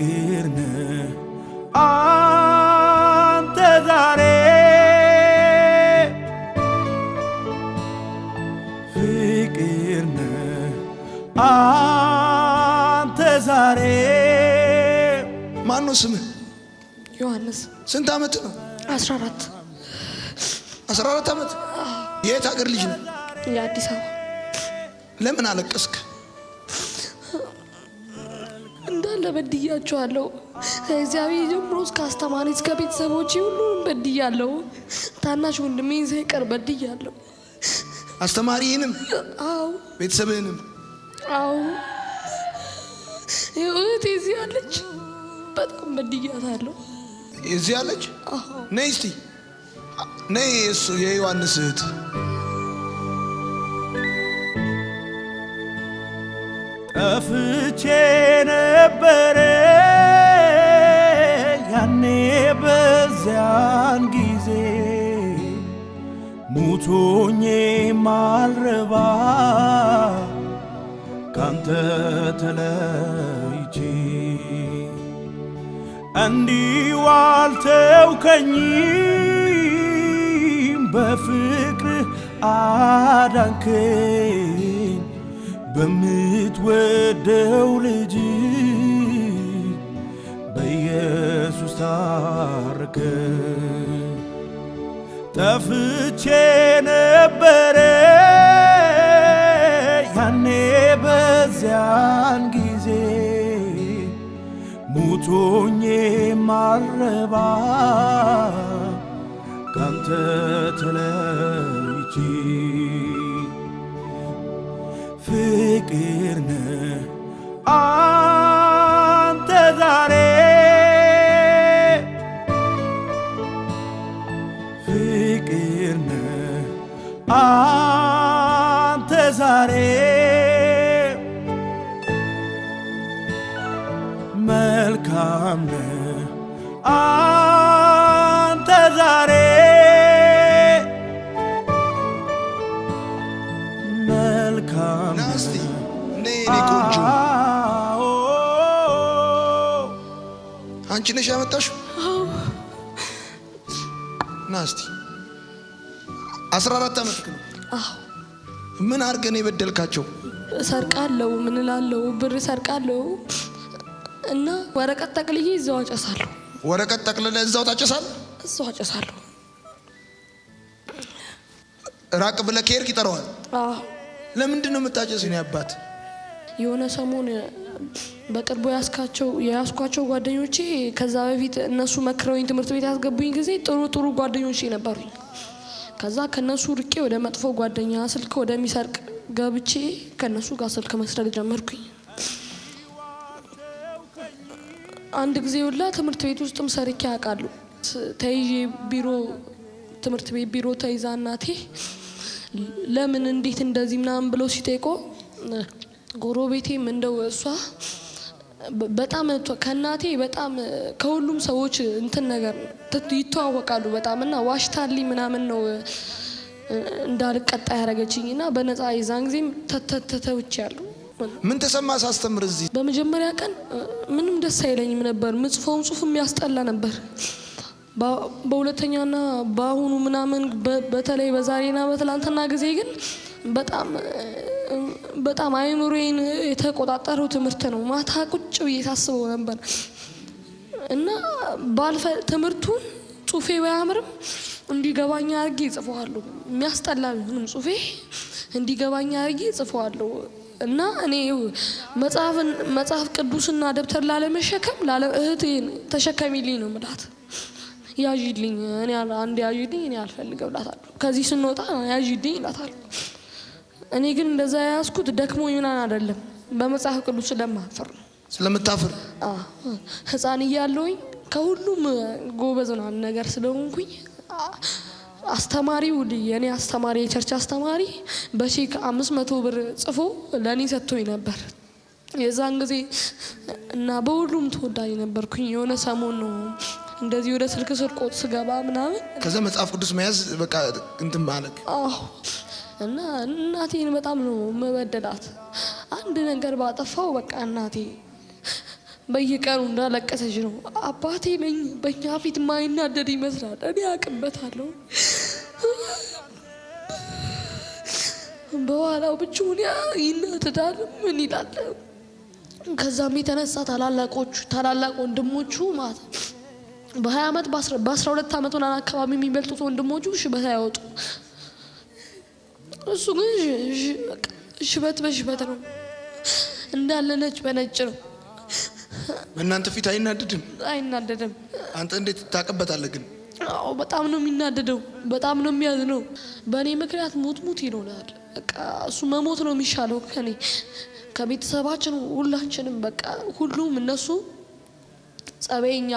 ፍቅር ነህ አንተ ዛሬ ፍቅር ነህ አንተ ዛሬ ማነው ስምህ? ዮሐንስ ስንት ዓመት ነው? አስራ አራት አስራ አራት ዓመት የት ሀገር ልጅ ነው? የአዲስ አበባ ለምን አለቀስክ? በድያቸዋለሁ። ከእግዚአብሔር ጀምሮ እስከ አስተማሪ እስከ ቤተሰቦች ሁሉንም በድያለሁ። ታናሽ ወንድሜን ሳይቀር በድያለሁ። አስተማሪህንም? አዎ። ቤተሰብህንም? አዎ። እህቴ እዚህ አለች። በጣም በድያታለሁ። እዚህ አለች? ነይ እስቲ ነይ። የዮሐንስ እህት ጠፍቼ ነበረ ያኔ በዚያን ጊዜ ሙቶኜ ማልረባ ካንተ ተለይቼ እንዲሁ አልተውከኝም በፍቅር አዳንከኝ በምትወደው ልጅ በኢየሱስ ታረከ። ጠፍቼ ነበረ ያኔ በዚያን ጊዜ ሙቶኜ ማረባ ካንተ ተለይቼ ፍቅር ነ አንተ ዛሬ ፍቅር ነህ አንተ ዛሬ መልካም ነ አንተ ዛሬ መልካም የኔ ቆንጆ አንቺ ነሽ ያመጣሽው? ና እስቲ አስራ አራት ዓመት ምን አድርገን የበደልካቸው? እሰርቃለሁ፣ ምን እላለሁ፣ ብር እሰርቃለሁ እና ወረቀት ጠቅልዬ እዛው አጨሳለሁ። ወረቀት ጠቅልለ እዛው ታጨሳል? እዛው አጨሳለሁ። ራቅ ብለህ ከሄድክ ይጠራዋል። ለምንድን ነው የምታጨስ? እኔ አባት የሆነ ሰሞን በቅርቡ ያስካቸው የያስኳቸው ጓደኞቼ ከዛ በፊት እነሱ መክረውኝ ትምህርት ቤት ያስገቡኝ ጊዜ ጥሩ ጥሩ ጓደኞቼ ነበሩኝ። ከዛ ከነሱ ርቄ ወደ መጥፎ ጓደኛ ስልክ ወደሚሰርቅ ገብቼ ከነሱ ጋር ስልክ መስረቅ ጀመርኩኝ። አንድ ጊዜ ሁላ ትምህርት ቤት ውስጥም ሰርኬ ያውቃሉ። ተይዤ ቢሮ ትምህርት ቤት ቢሮ ተይዛ እናቴ ለምን እንዴት እንደዚህ ምናምን ብለው ሲጠይቆ ጎረቤቴም እንደው እሷ በጣም ከእናቴ በጣም ከሁሉም ሰዎች እንትን ነገር ይተዋወቃሉ በጣም እና ዋሽታሊ ምናምን ነው እንዳልቀጣ ያደረገችኝ እና በነፃ የዛን ጊዜም ተተተተውች ያሉ ምን ተሰማ ሳስተምር እዚህ በመጀመሪያ ቀን ምንም ደስ አይለኝም ነበር። ምጽፈውን ጽሁፍ የሚያስጠላ ነበር። በሁለተኛና በአሁኑ ምናምን በተለይ በዛሬና በትላንትና ጊዜ ግን በጣም በጣም አይምሮዬን የተቆጣጠረው ትምህርት ነው። ማታ ቁጭ ብዬ ሳስበው ነበር እና ባልፈ ትምህርቱን ጽሁፌ ባያምርም እንዲገባኝ አርጌ ጽፈዋለሁ። የሚያስጠላ ቢሆንም ጽሁፌ እንዲገባኝ አርጌ ይጽፈዋለሁ። እና እኔ መጽሐፍ ቅዱስና ደብተር ላለመሸከም እህቴን ተሸከሚልኝ ነው ምላት። ያዥልኝ እኔ አንድ ያዥልኝ እኔ አልፈልግ ብላታለሁ። ከዚህ ስንወጣ ያዥልኝ እላታለሁ። እኔ ግን እንደዛ ያዝኩት ደክሞ ምናምን አይደለም፣ በመጽሐፍ ቅዱስ ስለማፍር ነው። ስለምታፍር ህፃን እያለውኝ ከሁሉም ጎበዝ ምናምን ነገር ስለሆንኩኝ አስተማሪው የኔ አስተማሪ የቸርች አስተማሪ በቼክ አምስት መቶ ብር ጽፎ ለእኔ ሰጥቶኝ ነበር። የዛን ጊዜ እና በሁሉም ተወዳጅ ነበርኩኝ። የሆነ ሰሞን ነው እንደዚህ ወደ ስልክ ስርቆት ስገባ ምናምን ከዛ መጽሐፍ ቅዱስ መያዝ በቃ እንትን ማለት እና እናቴን በጣም ነው መበደላት። አንድ ነገር ባጠፋው በቃ እናቴ በየቀኑ እንዳለቀሰች ነው። አባቴ ነኝ በእኛ ፊት ማይናደድ ይመስላል። እኔ አቅበታለሁ። በኋላው ብቻውን ይናደዳል። ምን ይላል? ከዛም የተነሳ ታላላቆቹ ታላላቅ ወንድሞቹ ማለት በሀያ ዓመት በአስራ ሁለት ዓመት ሆናን አካባቢ የሚበልጡት ወንድሞቹ ሽበት አያወጡ እሱ ግን ሽበት በሽበት ነው እንዳለ፣ ነጭ በነጭ ነው። በእናንተ ፊት አይናደድም አይናደድም። አንተ እንዴት ታቀበታለህ ግን? አዎ በጣም ነው የሚናደደው፣ በጣም ነው የሚያዝነው። በእኔ ምክንያት ሙት ሙት ይሆናል። በቃ እሱ መሞት ነው የሚሻለው ከኔ ከቤተሰባችን ሁላችንም በቃ ሁሉም እነሱ ጸበኛ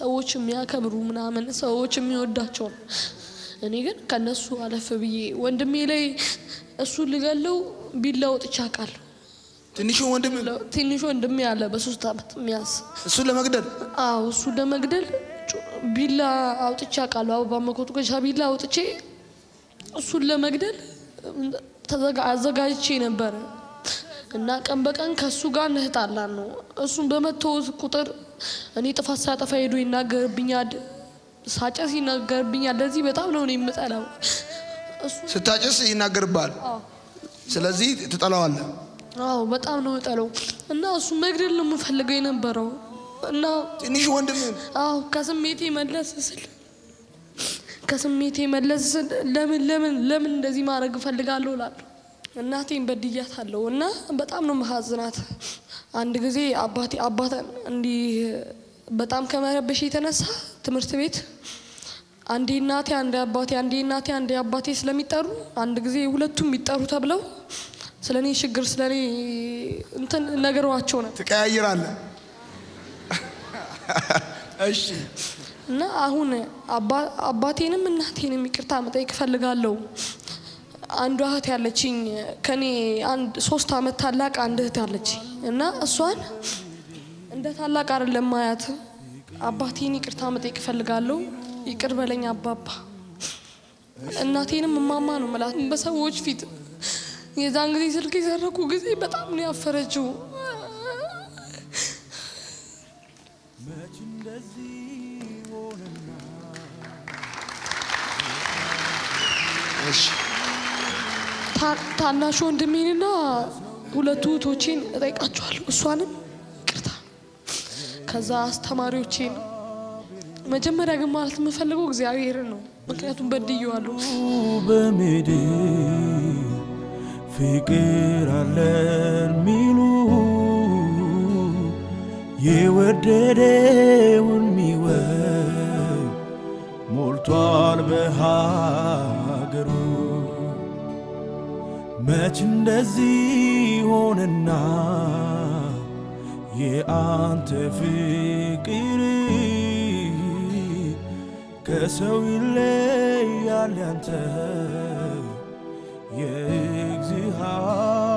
ሰዎች የሚያከብሩ ምናምን ሰዎች የሚወዳቸው ነው። እኔ ግን ከነሱ አለፍ ብዬ ወንድሜ ላይ እሱ ልገለው ቢላውጥ ይቻቃል። ትንሹ ወንድም ትንሹ ወንድሜ በሶስት አመት የሚያዝ እሱ ለመግደል አዎ፣ እሱ ለመግደል ቢላ አውጥቼ አውቃለሁ። አበባ መኮቱ ገሻ ቢላ አውጥቼ እሱን ለመግደል አዘጋጅቼ ነበረ እና ቀን በቀን ከእሱ ጋር እንህጣላን ነው። እሱን በመተውት ቁጥር እኔ ጥፋት ሳጠፋ ሄዶ ይናገርብኛል። ሳጨስ ይናገርብኛል። ለዚህ በጣም ነው እኔ የምጠላው። ስታጨስ ይናገርብሃል። ስለዚህ ትጠላዋለህ። አዎ በጣም ነው የምጠላው እና እሱ መግደል ነው የምፈልገው የነበረው እና ትንሽ ወንድም አዎ ከስሜቴ መለስ ስል ከስሜቴ መለስ ስል ለምን ለምን ለምን እንደዚህ ማድረግ እፈልጋለሁ እላለሁ። እናቴን በድያት አለው እና በጣም ነው መሀዝናት። አንድ ጊዜ አባቴ አባተን እንዲህ በጣም ከመረበሽ የተነሳ ትምህርት ቤት አንዴ እናቴ አንዴ አባቴ አንዴ እናቴ አንዴ አባቴ ስለሚጠሩ አንድ ጊዜ ሁለቱም ይጠሩ ተብለው ስለ እኔ ችግር ስለ እኔ እንትን ነገሯቸው ነው። ትቀያይራለህ። እሺ። እና አሁን አባቴንም እናቴንም ይቅርታ መጠየቅ እፈልጋለሁ። አንዱ እህት ያለችኝ ከኔ አንድ ሶስት አመት ታላቅ አንድ እህት ያለችኝ እና እሷን እንደ ታላቅ አይደለም ማያት አባቴን ይቅርታ መጠየቅ እፈልጋለሁ። ይቅር በለኝ አባባ። እናቴንም እማማ ነው መላት በሰዎች ፊት። የዛን ጊዜ ስልክ የሰረኩ ጊዜ በጣም ነው ያፈረችው። ታናሽ ወንድሜንና ሁለቱ እህቶቼን እጠይቃቸዋለሁ እሷንም ከዛ አስተማሪዎቼን መጀመሪያ ግን ማለት የምፈልገው እግዚአብሔር ነው። ምክንያቱም በድየዋለሁ። በሜድ ፍቅር አለን ሚሉ የወደደውን ሚወድ ሞልቷል በሀገሩ። መች እንደዚህ ሆነና የአንተ ፍቅር ከሰው ይለያል ያንተ የእግዚአብሔር